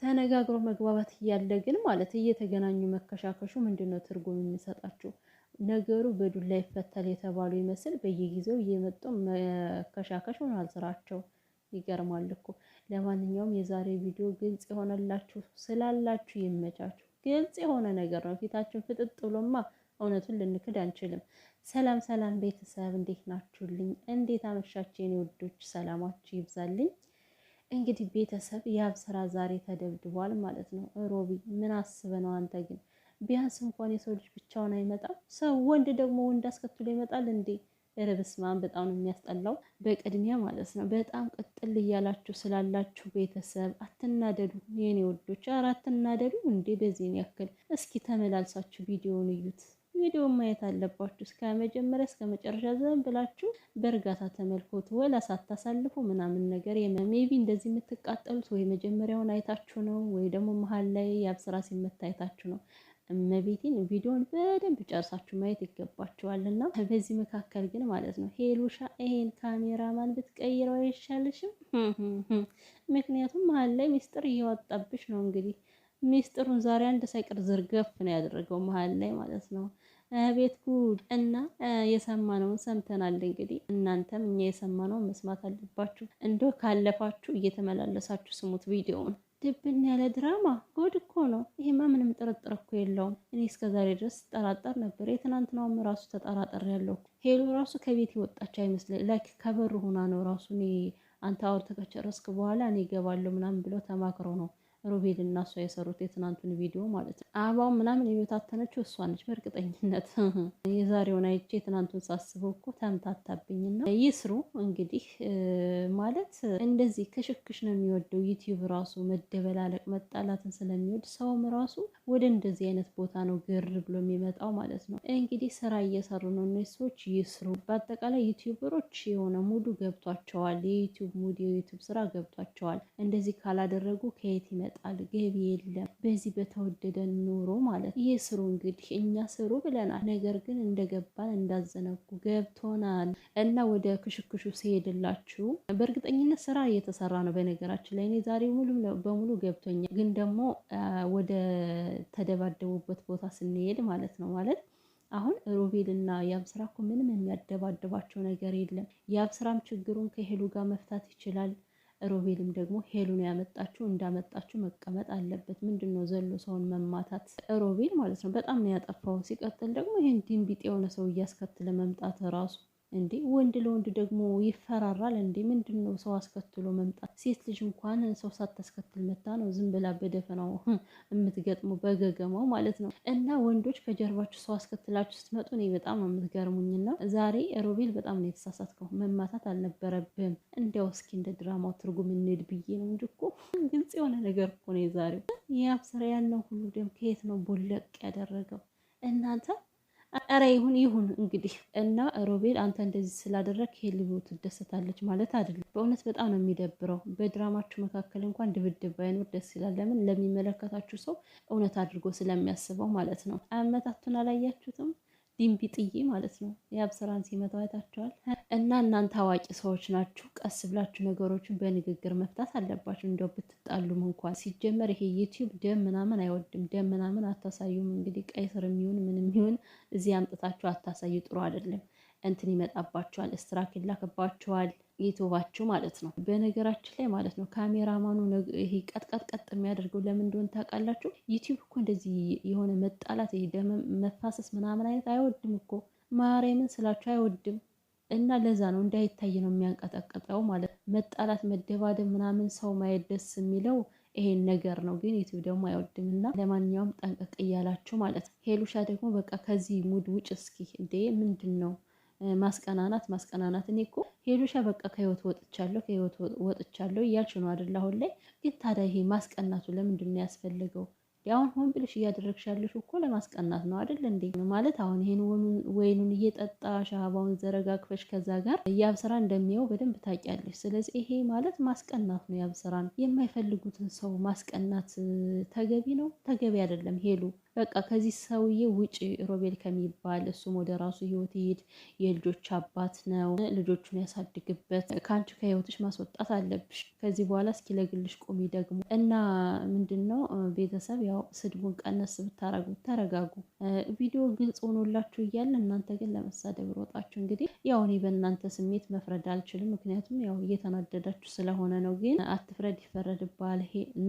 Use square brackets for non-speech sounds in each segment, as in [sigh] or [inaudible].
ተነጋግሮ መግባባት እያለ ግን ማለት እየተገናኙ መከሻከሹ ምንድን ነው ትርጉም የሚሰጣቸው? ነገሩ በዱላ ይፈታል የተባሉ ይመስል በየጊዜው እየመጡ መከሻከሽ ሆኗል ስራቸው። ይገርማል እኮ። ለማንኛውም የዛሬ ቪዲዮ ግልጽ የሆነላችሁ ስላላችሁ ይመቻችሁ። ግልጽ የሆነ ነገር ነው። ፊታችን ፍጥጥ ብሎማ እውነቱን ልንክድ አንችልም። ሰላም ሰላም ቤተሰብ፣ እንዴት ናችሁልኝ? እንዴት አመሻችሁ? የኔ ውዶች ሰላማችሁ ይብዛልኝ። እንግዲህ ቤተሰብ የአብ ስራ ዛሬ ተደብድቧል ማለት ነው። ሮቢ ምን አስበ ነው አንተ ግን ቢያንስ እንኳን የሰው ልጅ ብቻውን አይመጣም። ሰው ወንድ ደግሞ ወንድ አስከትሎ ይመጣል እንዴ? ኧረ በጣም ነው የሚያስጠላው። በቅድሚያ ማለት ነው በጣም ቅጥል እያላችሁ ስላላችሁ ቤተሰብ አትናደዱ፣ የኔ ወዶች፣ ኧረ አትናደዱ እንዴ በዚህን ያክል። እስኪ ተመላልሳችሁ ቪዲዮውን እዩት። ቪዲዮ ማየት አለባችሁ። እስከ መጀመሪያ እስከ መጨረሻ ዘን ብላችሁ በእርጋታ ተመልኮት ወላ ሳታሳልፉ ምናምን ነገር ሜቢ እንደዚህ የምትቃጠሉት ወይ መጀመሪያውን አይታችሁ ነው፣ ወይ ደግሞ መሀል ላይ ያብስራ ሲመታ አይታችሁ ነው። እመቤቴን ቪዲዮን በደንብ ጨርሳችሁ ማየት ይገባችኋልና፣ በዚህ መካከል ግን ማለት ነው ሄሉሻ ይሄን ካሜራማን ብትቀይረው አይሻልሽም? [laughs] ምክንያቱም መሀል ላይ ሚስጥር እያወጣብሽ ነው እንግዲህ ሚስጥሩን ዛሬ አንድ ሳይቀር ዝርገፍ ነው ያደረገው መሀል ላይ ማለት ነው። ቤት ጉድ እና የሰማነውን ሰምተናል። እንግዲህ እናንተም እኛ የሰማነውን መስማት አለባችሁ። እንዶ ካለፋችሁ እየተመላለሳችሁ ስሙት ቪዲዮውን። ድብን ያለ ድራማ ጉድ እኮ ነው ይሄማ፣ ምንም ጥርጥር እኮ የለውም። እኔ እስከ ዛሬ ድረስ ጠራጠር ነበር። የትናንትናውም ራሱ ተጠራጠር ያለው ሄሎ ራሱ ከቤት የወጣች አይመስለኝ ላይክ ከበሩ ሆና ነው ራሱ። እኔ አንተ አውርተህ ከጨረስክ በኋላ እኔ እገባለሁ ምናምን ብለው ተማክሮ ነው ሮቤል እና እሷ የሰሩት የትናንቱን ቪዲዮ ማለት ነው። አበባው ምናምን የበታተነችው እሷ ነች በእርግጠኝነት። [laughs] የዛሬውን አይቼ ትናንቱን ሳስበው እኮ ተምታታብኝና ይስሩ እንግዲህ ማለት እንደዚህ ከሽክሽ ነው የሚወደው ዩቲዩብ ራሱ መደበላለቅ መጣላትን ስለሚወድ ሰውም ራሱ ወደ እንደዚህ አይነት ቦታ ነው ግር ብሎ የሚመጣው ማለት ነው። እንግዲህ ስራ እየሰሩ ነው እነዚህ ሰዎች ይስሩ። በአጠቃላይ ዩቲዩበሮች የሆነ ሙዱ ገብቷቸዋል። የዩቲዩብ ሙድ የዩቲዩብ ስራ ገብቷቸዋል። እንደዚህ ካላደረጉ ከየት ይመጣል? ያጣል፣ ገቢ የለም። በዚህ በተወደደን ኑሮ ማለት ይሄ ስሩ እንግዲህ እኛ ስሩ ብለናል። ነገር ግን እንደገባን እንዳዘነጉ ገብቶናል እና ወደ ክሽክሹ ሲሄድላችሁ በእርግጠኝነት ስራ እየተሰራ ነው። በነገራችን ላይ እኔ ዛሬ ሙሉ በሙሉ ገብቶኛል። ግን ደግሞ ወደ ተደባደቡበት ቦታ ስንሄድ ማለት ነው ማለት አሁን ሮቤል እና ያብስራ እኮ ምንም የሚያደባድባቸው ነገር የለም። ስራም ችግሩን ከሄሉ ጋር መፍታት ይችላል። ሮቤልም ደግሞ ሄሉን ያመጣችሁ እንዳመጣችሁ መቀመጥ አለበት። ምንድን ነው ዘሎ ሰውን መማታት? ሮቤል ማለት ነው በጣም ነው ያጠፋው። ሲቀጥል ደግሞ ይህን ድንቢጤ የሆነ ሰው እያስከትለ መምጣት ራሱ እንዴ ወንድ ለወንድ ደግሞ ይፈራራል እንዴ? ምንድን ነው ሰው አስከትሎ መምጣት? ሴት ልጅ እንኳን ሰው ሳታስከትል መታ ነው ዝም ብላ በደፈናው [laughs] የምትገጥሙ በገገማው ማለት ነው። እና ወንዶች ከጀርባችሁ ሰው አስከትላችሁ ስትመጡ እኔ በጣም ነው የምትገርሙኝና ዛሬ ሮቤል በጣም ነው የተሳሳትከው። መማታት አልነበረብም እንዲያው እስኪ እንደ ድራማው ትርጉም እንሄድ ብዬ ነው እንጂ እኮ ግልጽ የሆነ ነገር እኮ ነው የዛሬው። ያብስራ ያለው ሁሉ ደም ከየት ነው ቦለቅ ያደረገው እናንተ ኧረ ይሁን ይሁን እንግዲህ እና ሮቤል አንተ እንደዚህ ስላደረግ ሄልቦ ትደሰታለች ማለት አይደለም። በእውነት በጣም ነው የሚደብረው። በድራማችሁ መካከል እንኳን ድብድብ ባይኖር ደስ ይላል። ለምን ለሚመለከታችሁ ሰው እውነት አድርጎ ስለሚያስበው ማለት ነው። አመታቱን አላያችሁትም? ዲምቢ ጥዬ ማለት ነው የአብስራን ሲመታው አይታቸዋል። እና እናንተ አዋቂ ሰዎች ናችሁ፣ ቀስ ብላችሁ ነገሮችን በንግግር መፍታት አለባችሁ። እንደው ብትጣሉም እንኳን ሲጀመር ይሄ ዩቲዩብ ደም ምናምን አይወድም። ደም ምናምን አታሳዩም። እንግዲህ ቀይ ስር የሚሆን ምን የሚሆን እዚህ አምጥታችሁ አታሳዩ፣ ጥሩ አይደለም። እንትን ይመጣባችኋል፣ ስትራክ ይላክባችኋል። ይቶባችሁ ማለት ነው። በነገራችን ላይ ማለት ነው ካሜራማኑ ይሄ ቀጥቀጥቀጥ የሚያደርገው ለምን እንደሆነ ታውቃላችሁ? ዩቲዩብ እኮ እንደዚህ የሆነ መጣላት፣ ይሄ ደም መፋሰስ ምናምን አይነት አይወድም እኮ ማርያምን ስላችሁ አይወድም። እና ለዛ ነው እንዳይታይ ነው የሚያንቀጠቀጠው ማለት ነው። መጣላት፣ መደባደብ ምናምን ሰው ማየት ደስ የሚለው ይሄን ነገር ነው። ግን ዩቲዩብ ደግሞ አይወድም እና ለማንኛውም ጠንቀቅ እያላችሁ ማለት ነው። ሄሉሻ ደግሞ በቃ ከዚህ ሙድ ውጭ እስኪ እንዴ ምንድን ነው ማስቀናናት ማስቀናናት። እኔ እኮ ሄዱሻ በቃ ከህይወት ወጥቻለሁ ከህይወት ወጥቻለሁ እያልሽ ነው አደለ? አሁን ላይ ግን ታዲያ ይሄ ማስቀናቱ ለምንድን ነው ያስፈልገው? አሁን ሆን ብለሽ እያደረግሽ ያለሽ እኮ ለማስቀናት ነው አደለ እንዴ? ማለት አሁን ይሄን ወይኑን እየጠጣ ሻባውን ዘረጋግፈሽ ከዛ ጋር የአብስራ እንደሚየው በደንብ ታውቂያለሽ። ስለዚህ ይሄ ማለት ማስቀናት ነው። የአብስራን የማይፈልጉትን ሰው ማስቀናት ተገቢ ነው? ተገቢ አይደለም ሄሉ በቃ ከዚህ ሰውዬ ውጪ ሮቤል ከሚባል እሱም ወደ ራሱ ህይወት ይሄድ። የልጆች አባት ነው፣ ልጆቹን ያሳድግበት። ከአንቺ ከህይወትሽ ማስወጣት አለብሽ ከዚህ በኋላ እስኪ ለግልሽ ቁሚ። ደግሞ እና ምንድን ነው ቤተሰብ ያው ስድቡን ቀነስ ብታረጉ ተረጋጉ። ቪዲዮ ግልጽ ሆኖላችሁ እያለ እናንተ ግን ለመሳደብ ሮጣችሁ። እንግዲህ ያው እኔ በእናንተ ስሜት መፍረድ አልችልም፣ ምክንያቱም ያው እየተናደዳችሁ ስለሆነ ነው። ግን አትፍረድ ይፈረድባል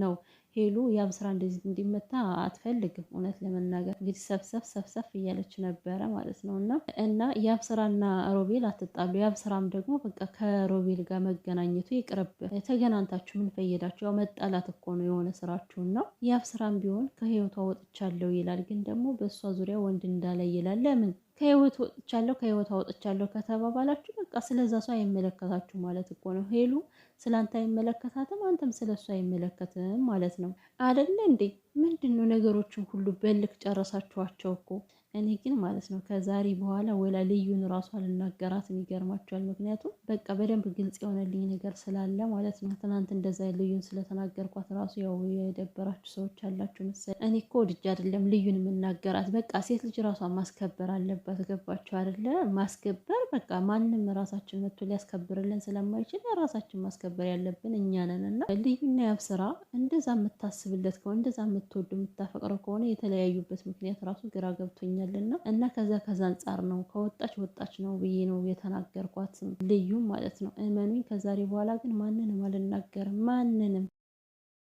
ነው ሄሉ የአብስራ እንደዚህ እንዲመታ አትፈልግም። እውነት ለመናገር እንግዲህ ሰብሰብ ሰብሰብ እያለች ነበረ ማለት ነው እና እና ያም ሮቤል አትጣሉ። የአብስራም ደግሞ በቃ ከሮቤል ጋር መገናኘቱ ይቅርብ። ተገናንታችሁ ምን ፈየዳችሁ? ያው መጣላት እኮ ነው የሆነ ስራችሁን ነው። የአብስራም ቢሆን ከህይወቷ ወጥቻለሁ ይላል፣ ግን ደግሞ በእሷ ዙሪያ ወንድ እንዳለ ይላል። ለምን ከህይወት ወጥቻለሁ ከህይወት አወጥቻለሁ ከተባባላችሁ በቃ ስለዛ ሰው አይመለከታችሁ ማለት እኮ ነው። ሄሉ ስለአንተ አይመለከታትም፣ አንተም ስለሱ አይመለከትም ማለት ነው። አደለ እንዴ? ምንድን ነው ነገሮችን ሁሉ በልክ ጨረሳችኋቸው እኮ እኔ ግን ማለት ነው ከዛሬ በኋላ ወላ ልዩን ራሱ አልናገራትም። ይገርማቸዋል። ምክንያቱም በቃ በደንብ ግልጽ የሆነልኝ ነገር ስላለ ማለት ነው። ትናንት እንደዛ ልዩን ስለተናገርኳት ራሱ ያው የደበራችሁ ሰዎች አላችሁ መሰለኝ። እኔ እኮ ወድጄ አይደለም ልዩን የምናገራት። በቃ ሴት ልጅ ራሷን ማስከበር አለባት። ገባችሁ አይደለ? ማስከበር በቃ ማንም ራሳችን መጥቶ ሊያስከብርልን ስለማይችል ራሳችን ማስከበር ያለብን እኛ ነን። እና ልዩና ያብ ስራ እንደዛ የምታስብለት ከሆነ እንደዛ የምትወዱ የምታፈቅረው ከሆነ የተለያዩበት ምክንያት ራሱ ግራ ገብቶኛል። ይመስለኛልና እና ከዛ ከዛ አንጻር ነው ከወጣች ወጣች ነው ብዬ ነው የተናገርኳት ልዩም ማለት ነው። እመኑኝ ከዛሬ በኋላ ግን ማንንም አልናገርም ማንንም